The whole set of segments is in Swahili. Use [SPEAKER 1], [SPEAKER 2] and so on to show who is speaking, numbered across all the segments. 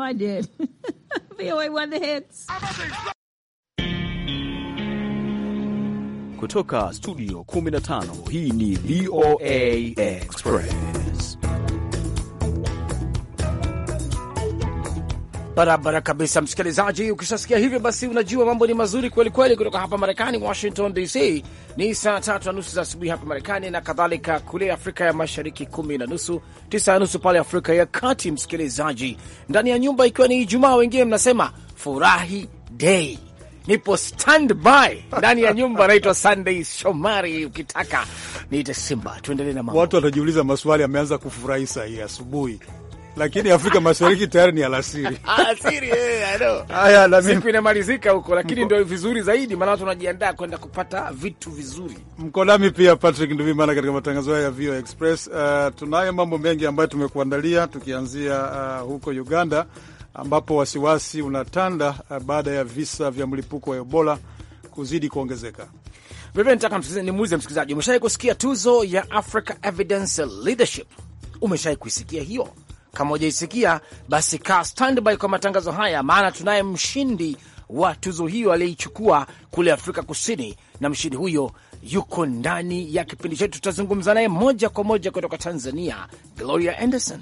[SPEAKER 1] I did. VOA won the hits.
[SPEAKER 2] Kutoka studio 15 hii ni VOA
[SPEAKER 3] Express. Barabara kabisa, msikilizaji. Ukishasikia hivyo, basi unajua mambo ni mazuri kweli kweli. Kutoka hapa Marekani, Washington DC ni saa tatu na nusu za asubuhi hapa Marekani na kadhalika kule Afrika ya Mashariki kumi na nusu tisa na nusu pale Afrika ya Kati. Msikilizaji ndani ya nyumba, ikiwa ni Ijumaa, wengine mnasema furahi dei nipo standby ndani ya nyumba naitwa Sunday Shomari, ukitaka niite Simba. Tuendelee na mambo. Watu
[SPEAKER 2] watajiuliza maswali, ameanza kufurahi saa hii asubuhi lakini Afrika Mashariki tayari ni alasiri.
[SPEAKER 3] Eh, haya, siku inamalizika huko, lakini ndio vizuri zaidi, maana wanajiandaa kwenda kupata vitu vizuri.
[SPEAKER 2] Mko nami pia Patrick Nduvimana katika matangazo haya ya VOA Express. Uh, tunayo mambo mengi ambayo tumekuandalia tukianzia uh, huko Uganda ambapo wasiwasi unatanda uh, baada ya visa vya mlipuko wa Ebola kuzidi
[SPEAKER 3] kuongezeka. Vivyo nitaka nimuulize msikilizaji, umeshawai kusikia tuzo ya Africa Evidence Leadership? Umeshawai kuisikia hiyo? Kama hujaisikia basi, kaa standby kwa matangazo haya, maana tunaye mshindi wa tuzo hiyo aliyeichukua kule Afrika Kusini, na mshindi huyo yuko ndani ya kipindi chetu. Tutazungumza naye moja kwa moja kutoka Tanzania, Gloria Anderson.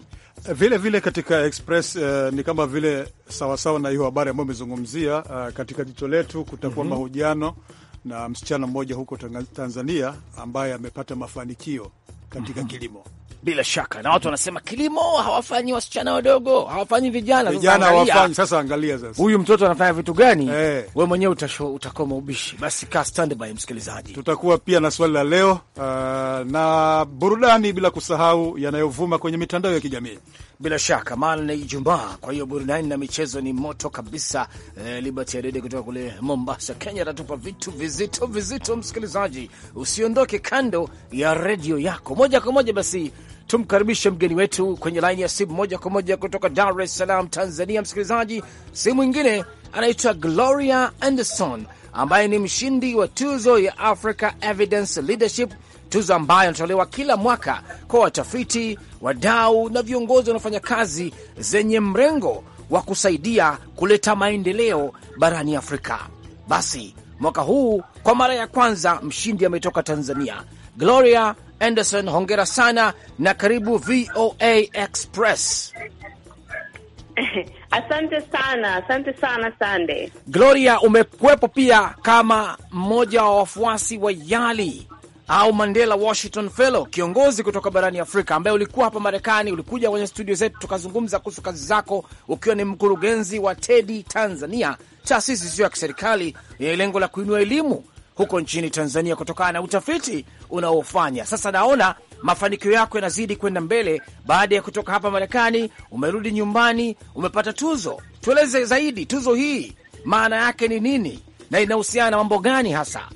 [SPEAKER 2] Eh, vile vile katika Express uh, ni kama vile sawasawa na hiyo habari ambayo imezungumzia. Uh, eh, katika jicho letu kutakuwa mm -hmm. mahojiano na msichana mmoja huko Tanzania ambaye amepata mafanikio katika mm -hmm.
[SPEAKER 3] kilimo bila shaka na watu wanasema kilimo hawafanyi wasichana wadogo, hawafanyi vijana. Vijana hawafanyi. Sasa angalia sasa, huyu mtoto anafanya vitu gani? Hey, eh. we mwenyewe utakoma ubishi. Basi
[SPEAKER 2] ka standby, msikilizaji, tutakuwa pia na swali la leo uh, na burudani,
[SPEAKER 3] bila kusahau yanayovuma kwenye mitandao ya kijamii bila shaka, maana ni Ijumaa, kwa hiyo burudani na michezo ni moto kabisa. Eh, Liberty Adede kutoka kule Mombasa, Kenya atatupa vitu vizito vizito. Msikilizaji, usiondoke kando ya redio yako moja kwa moja basi tumkaribishe mgeni wetu kwenye laini ya simu moja kwa moja kutoka Dar es Salaam, Tanzania. Msikilizaji, simu ingine anaitwa Gloria Anderson ambaye ni mshindi wa tuzo ya Africa Evidence Leadership, tuzo ambayo inatolewa kila mwaka kwa watafiti, wadau na viongozi wanaofanya kazi zenye mrengo wa kusaidia kuleta maendeleo barani Afrika. Basi mwaka huu kwa mara ya kwanza mshindi ametoka Tanzania. Gloria Anderson, hongera sana na karibu VOA Express.
[SPEAKER 4] Asante sana, asante sana Sande.
[SPEAKER 3] Gloria, umekuwepo pia kama mmoja wa wafuasi wa YALI au Mandela Washington Fellow, kiongozi kutoka barani Afrika ambaye ulikuwa hapa Marekani, ulikuja kwenye studio zetu tukazungumza kuhusu kazi zako, ukiwa ni mkurugenzi wa TEDI Tanzania, taasisi isiyo ya kiserikali yenye lengo la kuinua elimu huko nchini Tanzania kutokana na utafiti unaofanya. Sasa naona mafanikio yako yanazidi kwenda mbele. Baada ya kutoka hapa Marekani, umerudi nyumbani, umepata tuzo. Tueleze zaidi, tuzo hii maana yake ni nini na inahusiana na mambo gani hasa?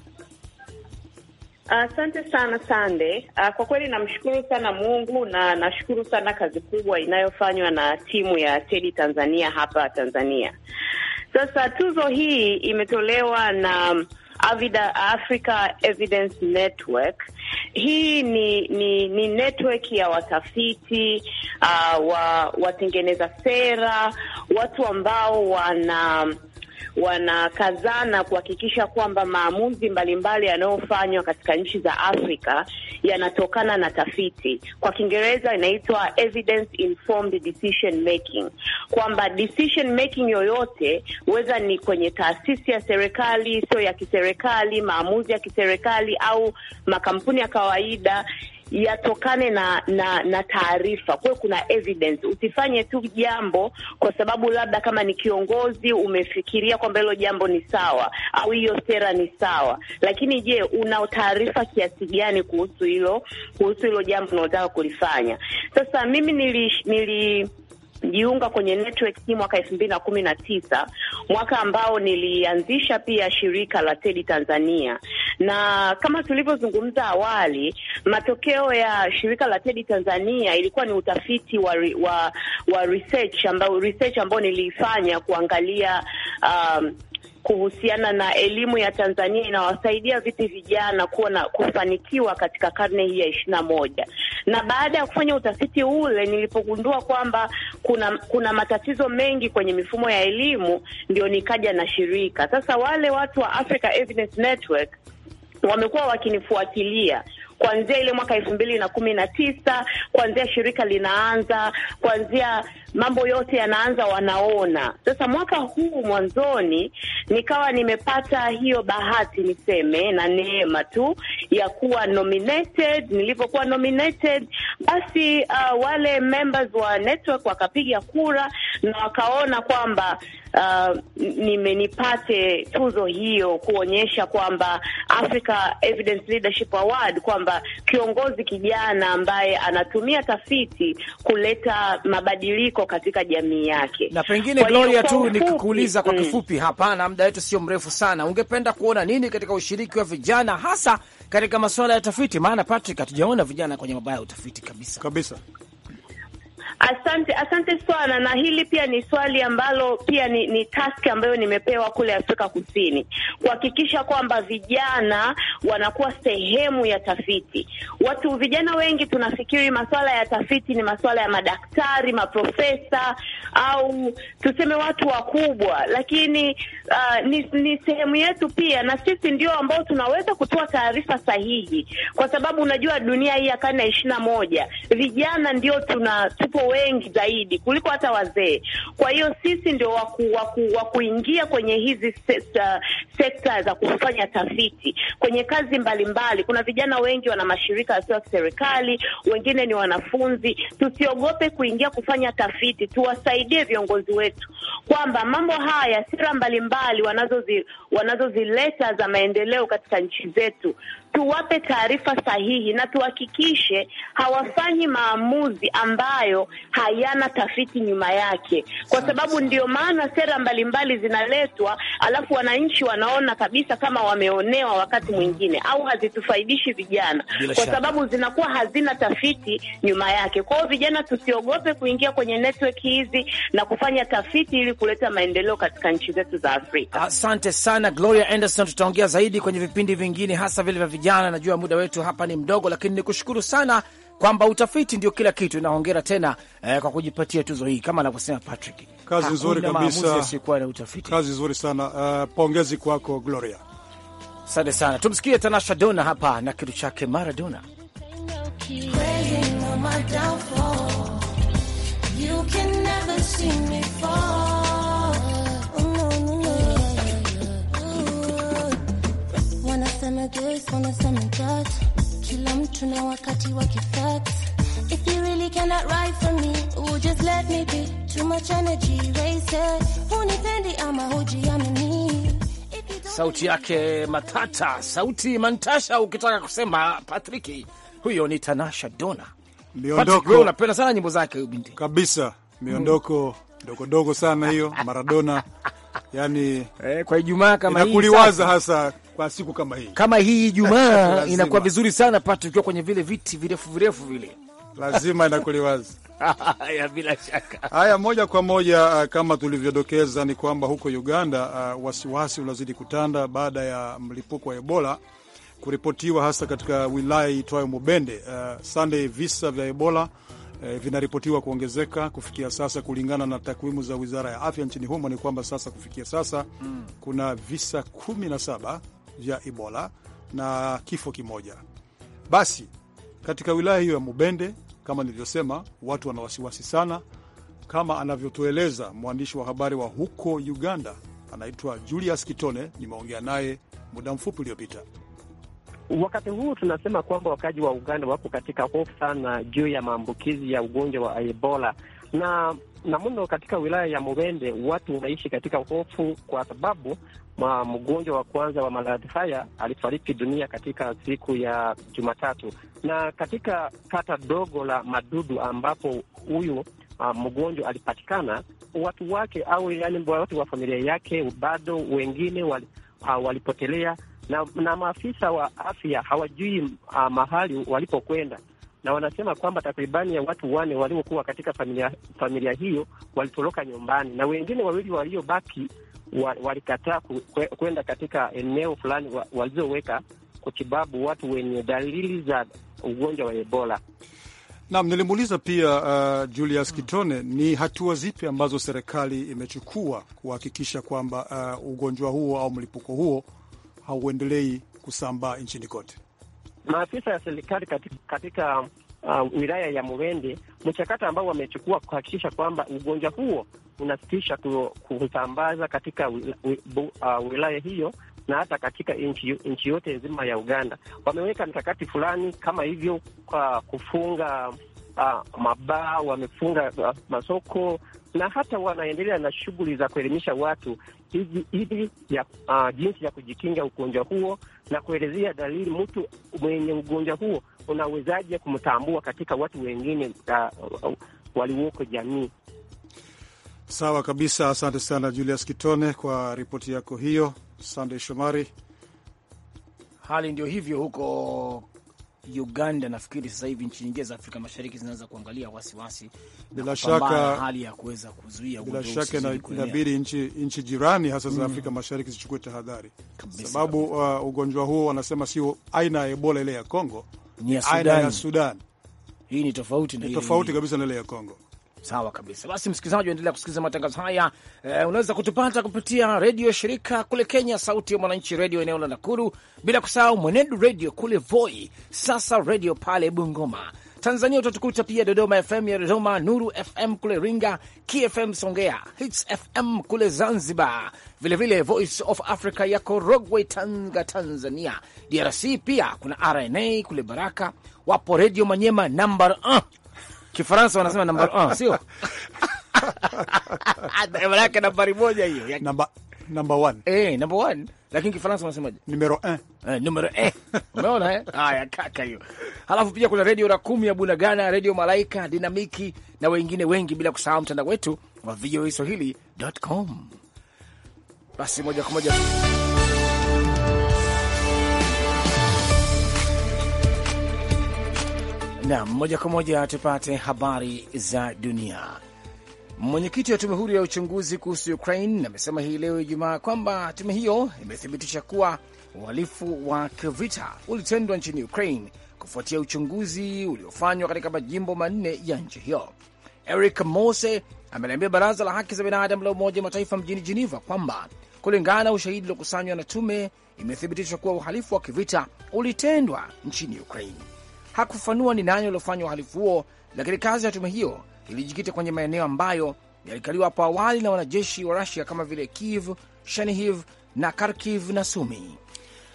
[SPEAKER 4] Asante uh, sana Sande. Uh, kwa kweli namshukuru sana Mungu na nashukuru sana kazi kubwa inayofanywa na timu ya Tedi Tanzania hapa Tanzania. Sasa tuzo hii imetolewa na Africa Evidence Network. Hii ni, ni, ni network ya watafiti uh, wa, watengeneza sera, watu ambao wana wanakazana kuhakikisha kwamba maamuzi mbalimbali yanayofanywa katika nchi za Afrika yanatokana na tafiti. Kwa Kiingereza inaitwa evidence informed decision making, kwamba decision making yoyote, weza ni kwenye taasisi ya serikali, sio ya kiserikali, maamuzi ya kiserikali au makampuni ya kawaida yatokane na na, na taarifa. Kwa kuna evidence. Usifanye tu jambo kwa sababu labda kama ni kiongozi umefikiria kwamba hilo jambo ni sawa au hiyo sera ni sawa, lakini je, una taarifa kiasi gani kuhusu hilo kuhusu hilo jambo unalotaka kulifanya? Sasa mimi nili, nili jiunga kwenye network hii mwaka elfu mbili na kumi na tisa, mwaka ambao nilianzisha pia shirika la Tedi Tanzania, na kama tulivyozungumza awali, matokeo ya shirika la Tedi Tanzania ilikuwa ni utafiti wa, wa, wa research ambao research ambao niliifanya kuangalia um, kuhusiana na elimu ya Tanzania inawasaidia vipi vijana kuwa na kufanikiwa katika karne hii ya ishirini na moja. Na baada ya kufanya utafiti ule, nilipogundua kwamba kuna kuna matatizo mengi kwenye mifumo ya elimu, ndio nikaja na shirika sasa. Wale watu wa Africa Evidence Network wamekuwa wakinifuatilia kuanzia ile mwaka elfu mbili na kumi na tisa kuanzia shirika linaanza, kuanzia mambo yote yanaanza, wanaona sasa. Mwaka huu mwanzoni, nikawa nimepata hiyo bahati niseme, na neema tu ya kuwa nominated. Nilivyokuwa nominated, basi uh, wale members wa network wakapiga kura na wakaona kwamba uh, nime nipate tuzo hiyo kuonyesha kwamba Africa Evidence Leadership Award kwamba kiongozi kijana ambaye anatumia tafiti kuleta mabadiliko katika jamii yake. Na pengine Gloria, tu
[SPEAKER 3] nikuuliza kwa mm. kifupi, hapana, muda wetu sio mrefu sana, ungependa kuona nini katika ushiriki wa vijana hasa katika masuala ya tafiti? Maana Patrick, hatujaona vijana kwenye mabaya ya utafiti kabisa kabisa.
[SPEAKER 4] Asante, asante sana. Na hili pia ni swali ambalo pia ni, ni taski ambayo nimepewa kule Afrika Kusini kuhakikisha kwamba vijana wanakuwa sehemu ya tafiti. Watu vijana wengi tunafikiri masuala ya tafiti ni masuala ya madaktari, maprofesa au tuseme watu wakubwa, lakini uh, ni, ni sehemu yetu pia, na sisi ndio ambao tunaweza kutoa taarifa sahihi, kwa sababu unajua dunia hii ya karne ya ishirini na moja vijana ndio tuna tupo wengi zaidi kuliko hata wazee. Kwa hiyo sisi ndio waku, waku, kwenye hizi sekta, sekta za kufanya tafiti kwenye kazi mbalimbali mbali. Kuna vijana wengi wana mashirika yasiyo ya serikali, wengine ni wanafunzi. Tusiogope kuingia kufanya tafiti, tuwasaidie viongozi wetu kwamba mambo haya, sera mbalimbali wanazozileta wanazo za maendeleo katika nchi zetu tuwape taarifa sahihi na tuhakikishe hawafanyi maamuzi ambayo hayana tafiti nyuma yake, kwa sababu ndio maana sera mbalimbali zinaletwa, alafu wananchi wanaona kabisa kama wameonewa wakati mwingine, au hazitufaidishi vijana kwa sababu zinakuwa hazina tafiti nyuma yake. Kwa hiyo vijana tusiogope kuingia kwenye network hizi na kufanya tafiti
[SPEAKER 3] ili kuleta maendeleo katika nchi zetu za Afrika. Asante sana Gloria Anderson, tutaongea zaidi kwenye vipindi vingine hasa vile vya vijana. Najua muda wetu hapa ni mdogo, lakini ni kushukuru sana kwamba utafiti ndio kila kitu, na hongera tena eh, kwa kujipatia tuzo hii kama anavyosema Patrick. Kazi ah, nzuri kabisa,
[SPEAKER 2] na utafiti. kazi nzuri sana. Uh, pongezi kwako Gloria, asante
[SPEAKER 3] sana. Tumsikie Tanasha Dona hapa na kitu chake Maradona.
[SPEAKER 5] Kwele, that kila mtu na wakati wa If you really cannot ride for me, oh just let me be. Too much energy ama hujiamini.
[SPEAKER 3] Sauti yake matata, sauti mantasha ukitaka kusema Patrick. Huyo ni Tanasha Dona.
[SPEAKER 2] Miondoko. Unapenda
[SPEAKER 3] sana nyimbo zake binti.
[SPEAKER 2] Kabisa. Miondoko dogodogo sana hiyo
[SPEAKER 3] Maradona. Yani, eh, kwa Ijumaa kama hii inakuliwaza
[SPEAKER 2] hasa kwa siku kama hii, kama
[SPEAKER 3] hii Ijumaa inakuwa vizuri sana Pati, ukiwa kwenye vile viti virefu virefu vile
[SPEAKER 6] lazima
[SPEAKER 2] inakuliwazi
[SPEAKER 6] ya bila shaka.
[SPEAKER 2] Haya, moja kwa moja uh, kama tulivyodokeza ni kwamba huko Uganda uh, wasiwasi unazidi kutanda baada ya mlipuko wa Ebola kuripotiwa hasa katika wilaya itwayo Mubende. Uh, Sunday visa vya Ebola uh, vinaripotiwa kuongezeka kufikia sasa. Kulingana na takwimu za Wizara ya Afya nchini humo ni kwamba sasa kufikia sasa mm. kuna visa kumi na saba vya Ebola na kifo kimoja. Basi katika wilaya hiyo ya Mubende, kama nilivyosema, watu wana wasiwasi sana, kama anavyotueleza mwandishi wa habari wa huko Uganda, anaitwa Julius Kitone. Nimeongea naye muda mfupi uliopita.
[SPEAKER 7] Wakati huu tunasema kwamba wakaji wa Uganda wapo katika hofu sana juu ya maambukizi ya ugonjwa wa Ebola na na mno katika wilaya ya Mubende watu wanaishi katika hofu, kwa sababu mgonjwa wa kwanza wa maradhi haya alifariki dunia katika siku ya Jumatatu, na katika kata dogo la Madudu ambapo huyu mgonjwa alipatikana, watu wake au yani watu wa familia yake bado wengine wali, a, walipotelea na, na maafisa wa afya hawajui a, mahali walipokwenda na wanasema kwamba takribani ya watu wane waliokuwa katika familia, familia hiyo walitoroka nyumbani na wengine wawili waliobaki walikataa kwenda katika eneo fulani walizoweka kutibabu watu wenye dalili za ugonjwa wa Ebola.
[SPEAKER 2] Naam, nilimuuliza pia uh, Julius Kitone ni hatua zipi ambazo serikali imechukua kuhakikisha kwamba uh, ugonjwa huo au mlipuko huo hauendelei
[SPEAKER 7] kusambaa nchini kote maafisa ya serikali katika, katika uh, wilaya ya Mulende, mchakato ambao wamechukua kuhakikisha kwamba ugonjwa huo unasitisha kusambaza katika uh, wilaya hiyo na hata katika nchi yote nzima ya Uganda. Wameweka mkakati fulani kama hivyo kwa kufunga Ah, mabaa, wamefunga ah, masoko na hata wanaendelea na shughuli za kuelimisha watu hivi ya uh, jinsi ya kujikinga ugonjwa huo na kuelezea dalili mtu mwenye ugonjwa huo unawezaje kumtambua katika watu wengine uh, walioko jamii.
[SPEAKER 2] Sawa kabisa, asante sana Julius Kitone kwa ripoti yako hiyo. Sandey Shomari,
[SPEAKER 3] hali ndio hivyo huko Uganda nafikiri sasa hivi nchi nyingine za Afrika Mashariki zinaanza kuangalia wasiwasi bila shaka hali ya kuweza kuzuia bila shaka inabidi
[SPEAKER 2] nchi, nchi jirani hasa za mm, Afrika Mashariki zichukue tahadhari sababu uh, ugonjwa huo wanasema sio aina ya Ebola ile ya Kongo, ni aina ya Sudan. Hii ni tofauti na ile, tofauti kabisa na ile ya Kongo. Sawa
[SPEAKER 3] kabisa. Basi msikilizaji, endelea kusikiliza matangazo haya. E, unaweza kutupata kupitia redio shirika kule Kenya, Sauti ya Mwananchi Redio eneo la Nakuru, bila kusahau Mwenedu Redio kule Voi, Sasa Redio pale Bungoma. Tanzania utatukuta pia Dodoma FM ya Dodoma, Nuru FM kule Ringa, KFM Songea, Hits FM kule Zanzibar, vilevile vile Voice of Africa ya Korogwe, Tanga, Tanzania. DRC pia kuna RNA kule Baraka, wapo Redio Manyema namba Kifaransa wanasema namba uh, sio? Namba nambari moja hiyo. Namba namba Eh, namba Lakini Kifaransa wanasemaje? Numero Eh, numero Umeona eh? Haya kaka hiyo. Halafu pia kuna Radio Rakumi ya Bunagana, Malaika, Dinamiki na wengine wengi bila kusahau mtandao wetu wa voaswahili.com. Basi moja kwa moja Nam, moja kwa moja tupate habari za dunia. Mwenyekiti wa tume huru ya uchunguzi kuhusu Ukraine amesema hii leo Ijumaa kwamba tume hiyo imethibitisha kuwa uhalifu wa kivita ulitendwa nchini Ukraine kufuatia uchunguzi uliofanywa katika majimbo manne ya nchi hiyo. Eric Mose ameliambia baraza la haki za binadamu la Umoja wa Mataifa mjini Geneva kwamba kulingana na ushahidi uliokusanywa na tume, imethibitishwa kuwa uhalifu wa kivita ulitendwa nchini Ukraine hakufafanua ni nani waliofanya uhalifu huo, lakini kazi ya tume hiyo ilijikita kwenye maeneo ambayo yalikaliwa hapo awali na wanajeshi wa Rusia kama vile Kiev, Chernihiv na Kharkiv na Sumi.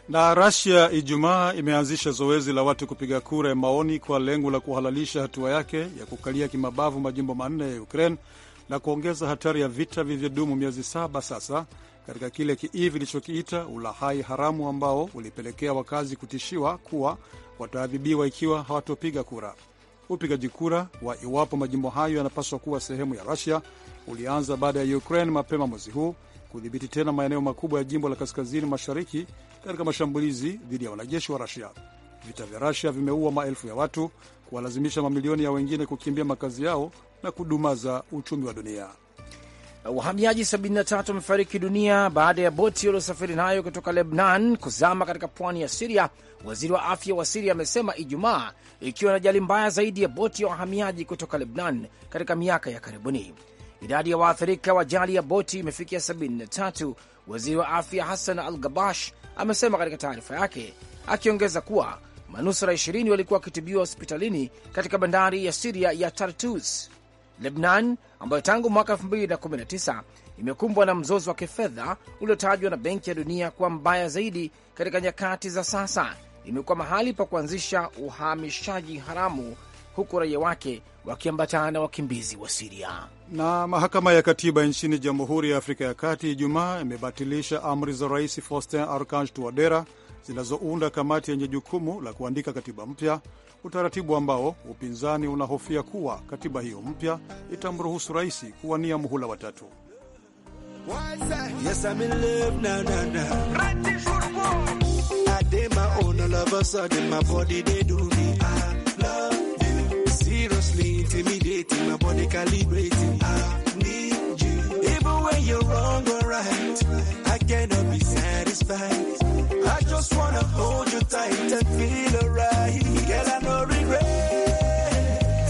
[SPEAKER 3] Na
[SPEAKER 2] Rusia Ijumaa imeanzisha zoezi la watu kupiga kura ya maoni kwa lengo la kuhalalisha hatua yake ya kukalia kimabavu majimbo manne ya Ukraine na kuongeza hatari ya vita vilivyodumu miezi saba sasa katika kile kiivi ilichokiita ulahai haramu ambao ulipelekea wakazi kutishiwa kuwa wataadhibiwa ikiwa hawatopiga kura. Upigaji kura wa iwapo majimbo hayo yanapaswa kuwa sehemu ya Rusia ulianza baada ya Ukraine mapema mwezi huu kudhibiti tena maeneo makubwa ya jimbo la kaskazini mashariki katika mashambulizi dhidi ya wanajeshi wa Rusia. Vita vya Rusia vimeua maelfu ya watu, kuwalazimisha mamilioni ya
[SPEAKER 3] wengine kukimbia makazi yao na kudumaza uchumi wa dunia. Wahamiaji 73 wamefariki dunia baada ya boti waliosafiri nayo kutoka Lebnan kuzama katika pwani ya Siria, waziri wa afya wa Siria amesema Ijumaa, ikiwa na ajali mbaya zaidi ya boti ya wahamiaji kutoka Lebnan katika miaka ya karibuni. Idadi ya waathirika wa ajali ya boti imefikia 73, waziri wa afya Hassan Al Gabash amesema katika taarifa yake, akiongeza kuwa manusura 20 walikuwa wakitibiwa hospitalini katika bandari ya Siria ya Tartus. Lebnan ambayo tangu mwaka 2019 imekumbwa na mzozo wa kifedha uliotajwa na Benki ya Dunia kuwa mbaya zaidi katika nyakati za sasa, imekuwa mahali pa kuanzisha uhamishaji haramu huku raia wake wakiambatana na wakimbizi wa Siria.
[SPEAKER 2] Na mahakama ya katiba nchini Jamhuri ya Afrika ya Kati Ijumaa imebatilisha amri za Rais Faustin Archange Touadera zinazounda kamati yenye jukumu la kuandika katiba mpya utaratibu ambao upinzani unahofia kuwa katiba hiyo mpya itamruhusu rais kuwania muhula watatu.
[SPEAKER 5] Yes, I just wanna hold you tight and feel alright. Girl, I no regret.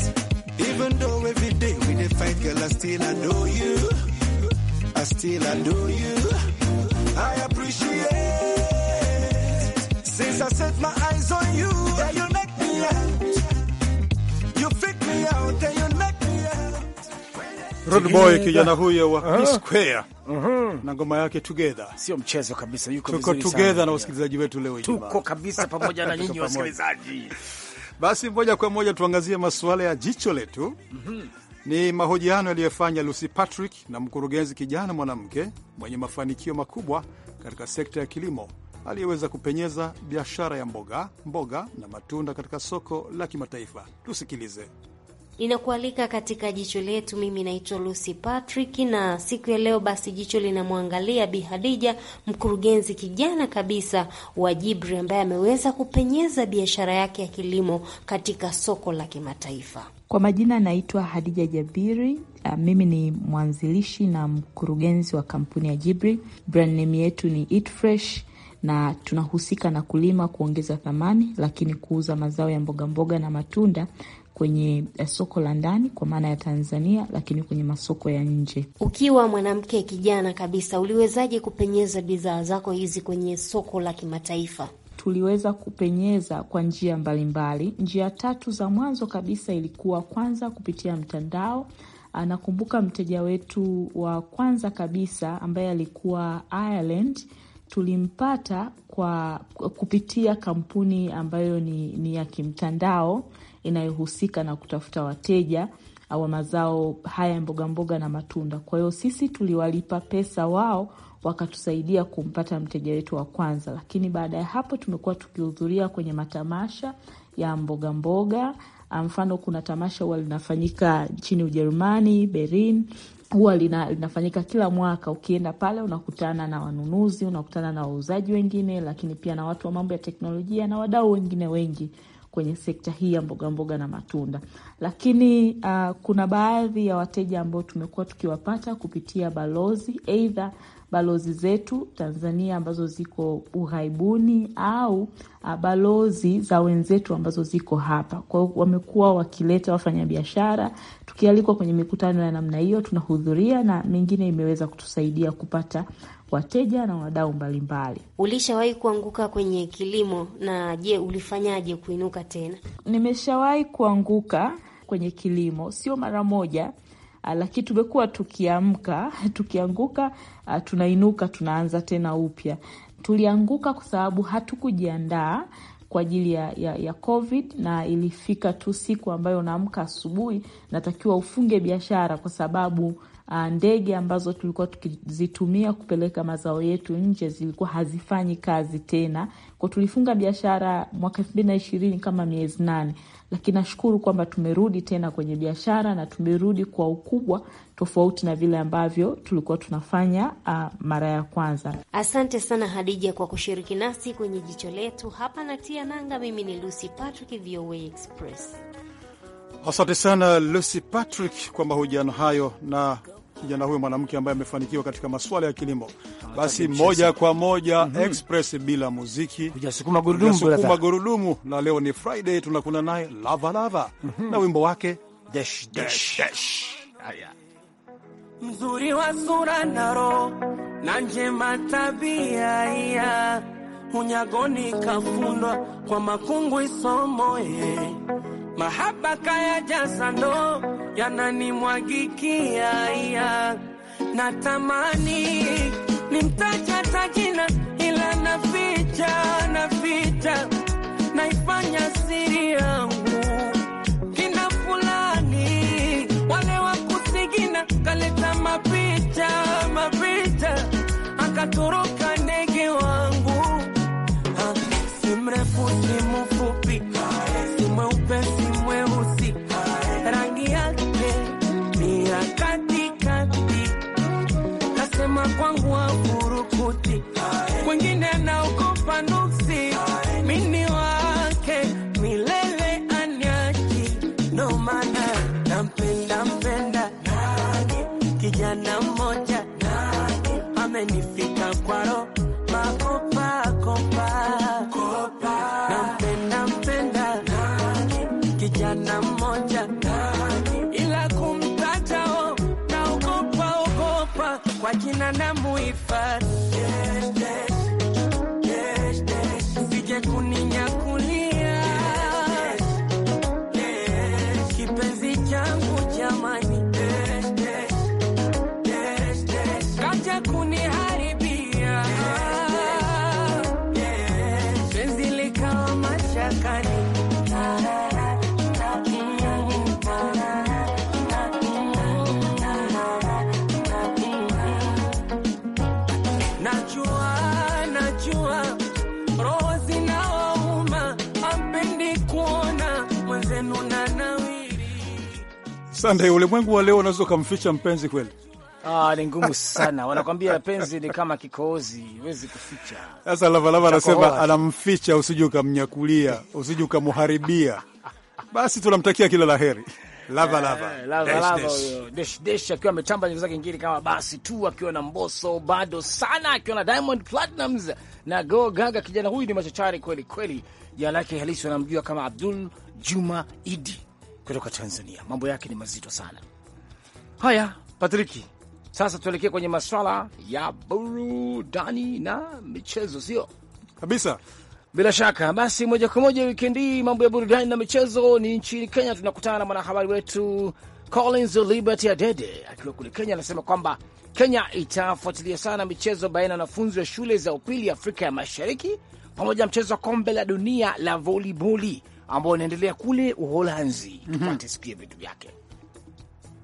[SPEAKER 5] Even though every day we dey fight, girl, I still adore you. I still adore you. I appreciate. Since I set my eyes on you, yeah, you make
[SPEAKER 2] Road Boy kijana huyo wa -huh. Ah. Square mhm. na ngoma yake Together. Sio mchezo kabisa, yuko vizuri sana. Tuko together na wasikilizaji wetu leo Tuko kabisa pamoja na nyinyi wasikilizaji. Basi moja kwa moja tuangazie masuala ya jicho letu. uh mhm. -huh. Ni mahojiano yaliyofanya Lucy Patrick na mkurugenzi kijana mwanamke mwenye mafanikio makubwa katika sekta ya kilimo aliyeweza kupenyeza biashara ya mboga mboga na matunda katika soko la kimataifa. Tusikilize.
[SPEAKER 1] Ninakualika katika jicho letu. Mimi naitwa Lucy Patrick, na siku ya leo basi jicho linamwangalia Bi Hadija, mkurugenzi kijana kabisa wa Jibri ambaye ameweza kupenyeza biashara yake ya kilimo katika soko la kimataifa. Kwa majina naitwa Hadija Jabiri. Ah, mimi ni mwanzilishi na mkurugenzi wa kampuni ya Jibri. Brand name yetu ni Eat Fresh na tunahusika na kulima, kuongeza thamani, lakini kuuza mazao ya mbogamboga mboga na matunda kwenye eh, soko la ndani kwa maana ya Tanzania, lakini kwenye masoko ya nje. Ukiwa mwanamke kijana kabisa, uliwezaje kupenyeza bidhaa zako hizi kwenye soko la kimataifa? Tuliweza kupenyeza kwa njia mbalimbali. Njia tatu za mwanzo kabisa ilikuwa kwanza kupitia mtandao. Ah, nakumbuka mteja wetu wa kwanza kabisa ambaye alikuwa Ireland tulimpata kwa kupitia kampuni ambayo ni, ni ya kimtandao inayohusika na kutafuta wateja au mazao haya mboga mboga na matunda. Kwa hiyo sisi tuliwalipa pesa wao wakatusaidia kumpata mteja wetu wa kwanza, lakini baada ya hapo tumekuwa tukihudhuria kwenye matamasha ya mboga mboga. Ah, mfano, kuna tamasha huwa linafanyika nchini Ujerumani, Berlin, huwa lina, linafanyika kila mwaka. Ukienda pale unakutana na wanunuzi, unakutana na wauzaji wengine, lakini pia na watu wa mambo ya teknolojia na wadau wengine wengi kwenye sekta hii ya mboga mboga na matunda. Lakini uh, kuna baadhi ya wateja ambao tumekuwa tukiwapata kupitia balozi, aidha balozi zetu Tanzania ambazo ziko ughaibuni au uh, balozi za wenzetu ambazo ziko hapa. Kwa hiyo wamekuwa wakileta wafanyabiashara, tukialikwa kwenye mikutano ya namna hiyo tunahudhuria, na mengine imeweza kutusaidia kupata wateja na wadau mbalimbali. Ulishawahi kuanguka kwenye kilimo na je, ulifanyaje kuinuka tena? Nimeshawahi kuanguka kwenye kilimo, sio mara moja, ah, lakini tumekuwa tukiamka, tukianguka, ah, tunainuka, tunaanza tena upya. Tulianguka kwa sababu hatukujiandaa kwa ajili ya, ya, ya COVID na ilifika tu siku ambayo unaamka asubuhi, natakiwa ufunge biashara kwa sababu Ah, ndege ambazo tulikuwa tukizitumia kupeleka mazao yetu nje zilikuwa hazifanyi kazi tena, kwa tulifunga biashara mwaka elfu mbili na ishirini kama miezi nane, lakini nashukuru kwamba tumerudi tena kwenye biashara na tumerudi kwa ukubwa tofauti na vile ambavyo tulikuwa tunafanya uh, mara ya kwanza. Asante sana Hadija kwa kushiriki nasi kwenye jicho letu hapa na tia nanga. Mimi ni Lucy Patrick, VOA Express. Asante
[SPEAKER 2] sana Lucy Patrick kwa mahojiano hayo na kijana huyo mwanamke ambaye amefanikiwa katika masuala ya kilimo. Basi moja kwa moja mm -hmm. Express bila muziki hujasukuma gurudumu, gurudumu, na leo ni Friday, tunakuna naye lava lava mm -hmm. na wimbo wake
[SPEAKER 3] desh, desh, desh.
[SPEAKER 5] Mzuri wa sura na roho na njema tabia ya unyagoni kafundwa kwa makungu isomoye mahaba kaya jaza yananimwagikia ya natamani nimtaje hata jina, ila naficha naficha, naifanya siri yangu kina fulani, wale wa kusigina kaleta mapicha mapicha, akatoroka ndege wangu mauti, mwingine anaogopa nuksi, mini wake milele anyaki, nomana maana nampenda mpenda kijana mmoja amenifika kwa roho makopa kopa, nampenda mpenda kijana mmoja kwa jina na muifadhi
[SPEAKER 2] Sande, ulimwengu wa leo unaweza ukamficha mpenzi kweli?
[SPEAKER 3] Ah, ni ngumu sana, wanakwambia penzi ni kama kikohozi, huwezi kuficha.
[SPEAKER 2] Sasa Lavalava anasema anamficha, usije ukamnyakulia, usije ukamharibia. Basi tunamtakia kila la heri
[SPEAKER 3] Lavalava eh, akiwa ametamba nyimbo zake ngine kama basi tu, akiwa na mboso bado sana, akiwa na Diamond Platnumz na Go Gaga. Kijana huyu ni machachari kweli kweli jina lake halisi wanamjua kama Abdul Juma Idi kutoka Tanzania. Mambo yake ni mazito sana. Haya, Patriki, sasa tuelekee kwenye maswala ya burudani na michezo, sio kabisa? Bila shaka basi, moja kwa moja wikendi, mambo ya burudani na michezo ni nchini Kenya. Tunakutana na mwanahabari wetu Collins Liberty Adede akiwa kule Kenya anasema kwamba Kenya itafuatilia sana michezo baina ya wanafunzi wa shule za upili Afrika ya Mashariki pamoja na mchezo wa kombe la dunia la voliboli ambao unaendelea kule Uholanzi. mm -hmm. Tupate sikie vitu vyake.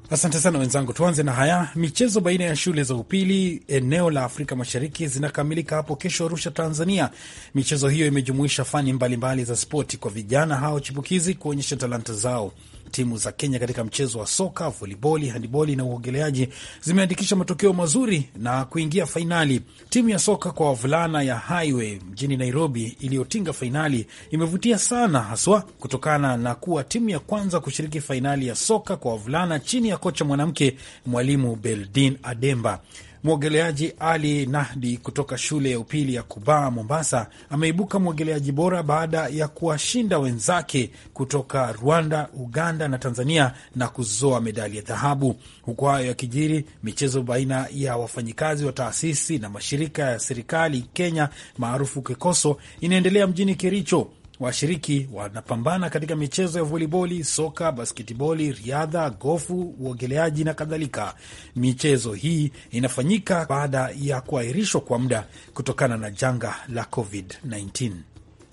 [SPEAKER 6] Asante sana wenzangu, tuanze na haya. Michezo baina ya shule za upili eneo la Afrika Mashariki zinakamilika hapo kesho Arusha, Tanzania. Michezo hiyo imejumuisha fani mbalimbali mbali za spoti kwa vijana hao chipukizi kuonyesha talanta zao. Timu za Kenya katika mchezo wa soka, voliboli, handiboli na uogeleaji zimeandikisha matokeo mazuri na kuingia fainali. Timu ya soka kwa wavulana ya Highway mjini Nairobi iliyotinga fainali imevutia sana, haswa kutokana na kuwa timu ya kwanza kushiriki fainali ya soka kwa wavulana chini ya kocha mwanamke Mwalimu Beldin Ademba. Mwogeleaji Ali Nahdi kutoka shule ya upili ya Kubaa, Mombasa, ameibuka mwogeleaji bora baada ya kuwashinda wenzake kutoka Rwanda, Uganda na Tanzania na kuzoa medali ya dhahabu. Huku hayo yakijiri, michezo baina ya wafanyikazi wa taasisi na mashirika ya serikali Kenya maarufu KEKOSO inaendelea mjini Kericho washiriki wanapambana katika michezo ya voliboli, soka, basketiboli, riadha, gofu, uogeleaji na kadhalika. Michezo hii inafanyika baada ya kuahirishwa kwa muda kutokana na janga la COVID-19.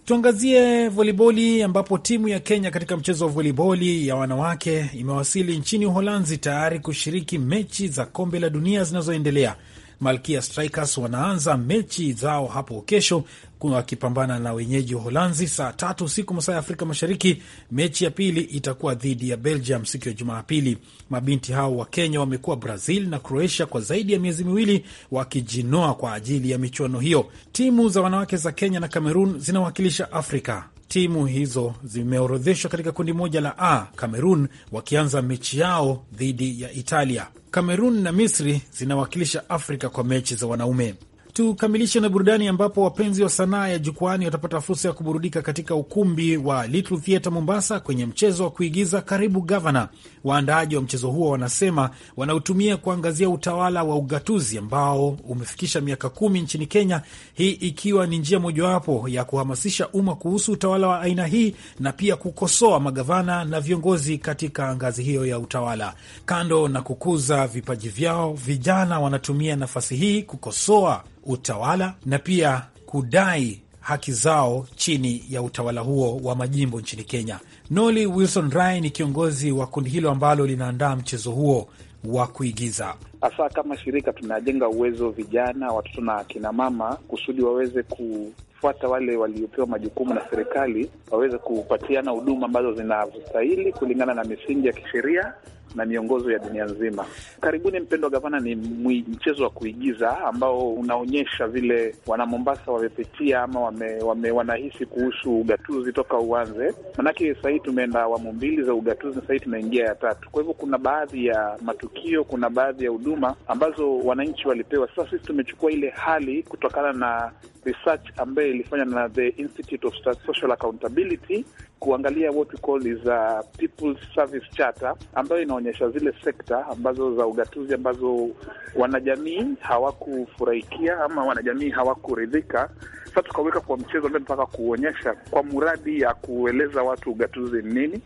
[SPEAKER 6] Tuangazie voliboli ambapo timu ya Kenya katika mchezo wa voliboli ya wanawake imewasili nchini Uholanzi tayari kushiriki mechi za kombe la dunia zinazoendelea. Malkia Strikers wanaanza mechi zao hapo kesho wakipambana na wenyeji wa Holanzi saa tatu usiku masaa ya Afrika Mashariki. Mechi ya pili itakuwa dhidi ya Belgium siku ya Jumapili. Mabinti hao wa Kenya wamekuwa Brazil na Croatia kwa zaidi ya miezi miwili wakijinoa kwa ajili ya michuano hiyo. Timu za wanawake za Kenya na Cameroon zinawakilisha Afrika. Timu hizo zimeorodheshwa katika kundi moja la A, Cameroon wakianza mechi yao dhidi ya Italia. Kamerun na Misri zinawakilisha Afrika kwa mechi za wanaume. Tukamilishe na burudani ambapo wapenzi wa sanaa ya jukwani watapata fursa ya kuburudika katika ukumbi wa Little Theatre Mombasa kwenye mchezo wa kuigiza Karibu Gavana. Waandaaji wa mchezo huo wanasema wanautumia kuangazia utawala wa ugatuzi ambao umefikisha miaka kumi nchini Kenya, hii ikiwa ni njia mojawapo ya kuhamasisha umma kuhusu utawala wa aina hii na pia kukosoa magavana na viongozi katika ngazi hiyo ya utawala. Kando na kukuza vipaji vyao, vijana wanatumia nafasi hii kukosoa utawala na pia kudai haki zao chini ya utawala huo wa majimbo nchini Kenya. Noli Wilson Rai ni kiongozi wa kundi hilo ambalo linaandaa mchezo huo wa kuigiza.
[SPEAKER 8] Hasa kama shirika tunajenga uwezo vijana, watoto na akinamama kusudi waweze ku wale waliopewa majukumu na serikali waweze kupatiana huduma ambazo zinastahili kulingana na misingi ya kisheria na miongozo ya dunia nzima. Karibuni Mpendwa Gavana ni mchezo wa kuigiza ambao unaonyesha vile wanamombasa wamepitia ama wame, wame, wanahisi kuhusu ugatuzi toka uanze. Manake sahii tumeenda awamu mbili za ugatuzi, na sahii tunaingia ya tatu. Kwa hivyo kuna baadhi ya matukio, kuna baadhi ya huduma ambazo wananchi walipewa. Sasa sisi tumechukua ile hali kutokana na research ambayo ilifanywa na the Institute of Social Accountability kuangalia what we call is a uh, People's Service Charter ambayo inaonyesha zile sekta ambazo za ugatuzi ambazo wanajamii hawakufurahikia ama wanajamii hawakuridhika. Sasa tukaweka kwa mchezo leo, tunataka kuonyesha kwa muradi ya kueleza watu ugatuzi ni nini,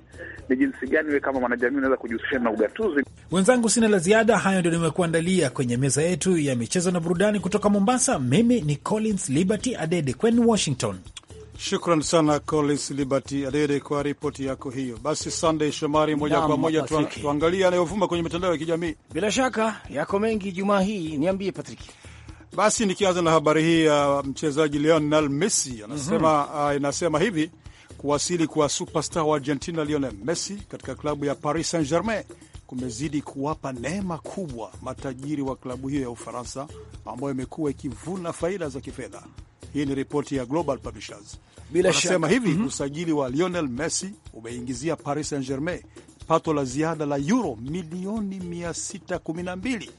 [SPEAKER 8] ni jinsi gani we kama mwanajamii unaweza kujihusisha na ugatuzi.
[SPEAKER 6] Wenzangu, sina la ziada, hayo ndio nimekuandalia kwenye meza yetu ya michezo na burudani. Kutoka Mombasa, mimi ni Collins Liberty Adede kwenu Washington. Shukran
[SPEAKER 2] sana Collins Liberty Adede kwa ripoti yako hiyo. Basi Sunday Shomari, moja kwa moja tuangalie anayovuma kwenye mitandao ya kijamii. Bila shaka yako mengi jumaa hii, niambie Patrick. Basi nikianza na habari hii ya uh, mchezaji Lionel Messi anasema, mm -hmm. uh, inasema hivi kuwasili kwa superstar wa Argentina Lionel Messi katika klabu ya Paris Saint Germain kumezidi kuwapa neema kubwa matajiri wa klabu hiyo ya Ufaransa ambayo imekuwa ikivuna faida za kifedha. Hii ni ripoti ya Global Publishers. Bila sema hivi mm -hmm. Usajili wa Lionel Messi umeingizia Paris Saint Germain pato la ziada la euro milioni 612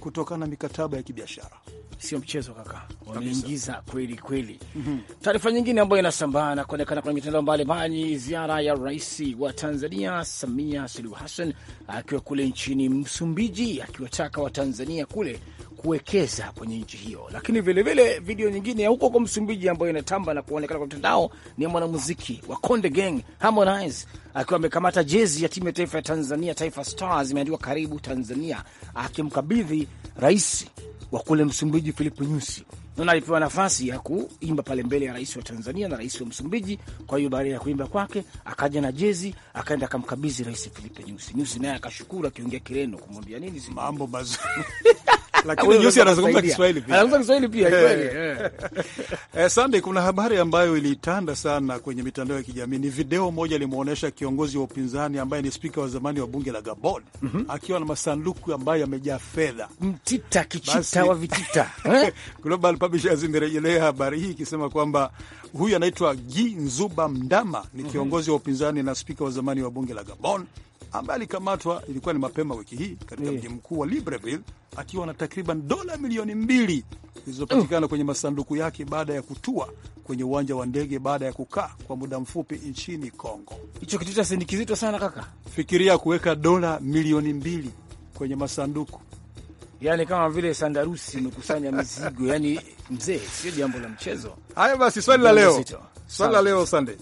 [SPEAKER 2] kutokana na mikataba ya kibiashara.
[SPEAKER 3] Sio mchezo kaka, wameingiza kweli kweli. mm -hmm. Taarifa nyingine ambayo inasambaa na kuonekana kwenye mitandao mbalimbali, ziara ya rais wa Tanzania Samia Suluhu Hassan akiwa kule nchini Msumbiji, akiwataka Watanzania kule kuwekeza kwenye nchi hiyo. Lakini vilevile vile, video nyingine ya huko kwa Msumbiji ambayo inatamba na kuonekana kwa mtandao ni ya mwanamuziki wa Konde Gang Harmonize akiwa amekamata jezi ya timu ya taifa ya Tanzania, Taifa Stars, imeandikwa karibu Tanzania, akimkabili kumkabidhi rais wa kule Msumbiji Filipe Nyusi. Naona alipewa nafasi ya kuimba pale mbele ya rais wa Tanzania na rais wa Msumbiji. Kwa hiyo baada ya kuimba kwake, akaja na jezi, akaenda akamkabidhi rais Filipe Nyusi. Nyusi naye akashukuru, akiongea Kireno, kumwambia nini, mambo mazuri lakini anazungumza
[SPEAKER 2] Kiswahili pia, anazungumza Kiswahili pia eh. Eh. Eh, Sunday, kuna habari ambayo ilitanda sana kwenye mitandao ya kijamii, ni video moja limeonyesha kiongozi wa upinzani ambaye ni spika wa zamani wa bunge la Gabon mm -hmm. akiwa na masanduku ambayo yamejaa fedha, mtita kichita wa vitita Global Publishers imerejelea habari hii ikisema kwamba huyu anaitwa Gi Nzuba Mdama ni mhm. kiongozi wa upinzani na spika wa zamani wa bunge la Gabon ambaye alikamatwa ilikuwa ni mapema wiki hii katika eh. mji mkuu wa Libreville akiwa na takriban dola milioni mbili zilizopatikana oh. kwenye masanduku yake baada ya kutua kwenye uwanja wa ndege baada ya kukaa kwa muda mfupi nchini Kongo. Hicho kitu cha sindi kizito sana kaka, fikiria kuweka dola milioni mbili kwenye masanduku
[SPEAKER 3] Yani kama vile sandarusi imekusanya mizigo. Yani mzee, sio jambo la mchezo. Haya basi, swali la leo, swali la leo Sunday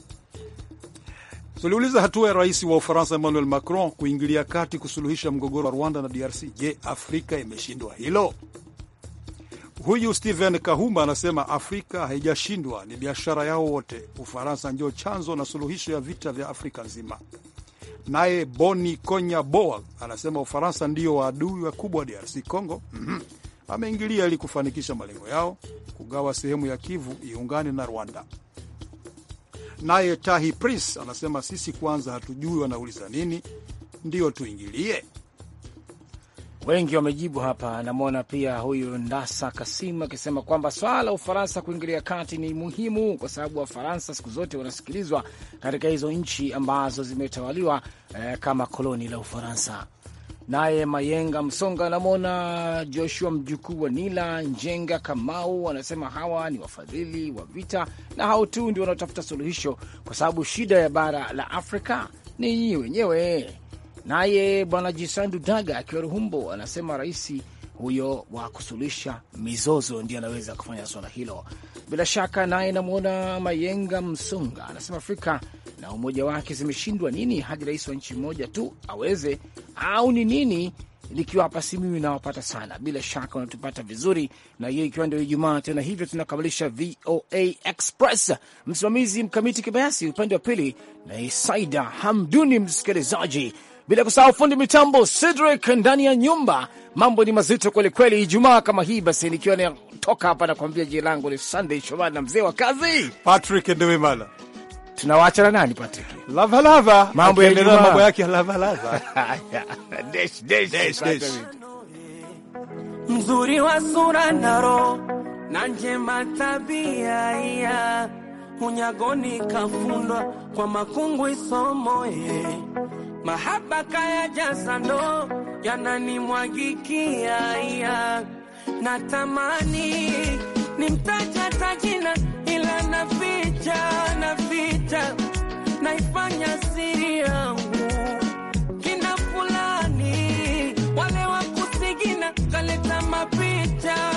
[SPEAKER 2] Tuliuliza hatua ya rais wa Ufaransa Emmanuel Macron kuingilia kati kusuluhisha mgogoro wa Rwanda na DRC. Je, Afrika imeshindwa hilo? Huyu stephen Kahuma anasema Afrika haijashindwa, ni biashara yao wote. Ufaransa ndio chanzo na suluhisho ya vita vya Afrika nzima. Naye Boni Konya Boa anasema Ufaransa ndio waadui wakubwa wa DRC Congo. Mm -hmm. Ameingilia ili kufanikisha malengo yao, kugawa sehemu ya Kivu iungane na Rwanda. Naye Tahi Pris anasema sisi kwanza hatujui wanauliza nini, ndio
[SPEAKER 3] tuingilie. Wengi wamejibu hapa. Namwona pia huyu Ndasa Kasimu akisema kwamba swala la Ufaransa kuingilia kati ni muhimu, kwa sababu Wafaransa siku zote wanasikilizwa katika hizo nchi ambazo zimetawaliwa eh, kama koloni la Ufaransa naye Mayenga Msonga, namwona Joshua mjukuu wa Nila Njenga Kamau anasema hawa ni wafadhili wa vita na hao tu ndio wanaotafuta suluhisho, kwa sababu shida ya bara la Afrika ni nyinyi wenyewe. Naye bwana Jisandu Daga akiwa Ruhumbo anasema rais huyo wa kusuluhisha mizozo ndio anaweza kufanya swala hilo. Bila shaka naye namwona Mayenga Msonga anasema Afrika na umoja wake zimeshindwa nini hadi rais wa nchi mmoja tu aweze au ni nini? Nikiwa hapa si mimi nawapata sana, bila shaka unatupata vizuri, na hiyo ikiwa ndio Ijumaa tena hivyo. Tunakamilisha VOA Express, msimamizi Mkamiti Kibayasi, upande wa pili na Saida Hamduni, msikilizaji, bila kusahau fundi mitambo Cedric ndani ya nyumba. Mambo ni mazito kwelikweli, Ijumaa kama hii. Basi nikiwa natoka hapa, nakwambia jina langu ni Sunday Shomari na mzee wa kazi Patrick Nduwimana
[SPEAKER 2] tunawaachana nani Patrick? Lava lava. Mambo ya mambo yake lava lava.
[SPEAKER 5] Desh desh desh. Mzuri wa sura na roho na njema tabia ya unyagoni kafundwa kwa makungu isomoye mahaba kaya jasano yananimwagikia ya natamani nimtaja tajina ila na na naficha, naifanya siri yangu kina fulani, wale wa kusigina kaleta mapicha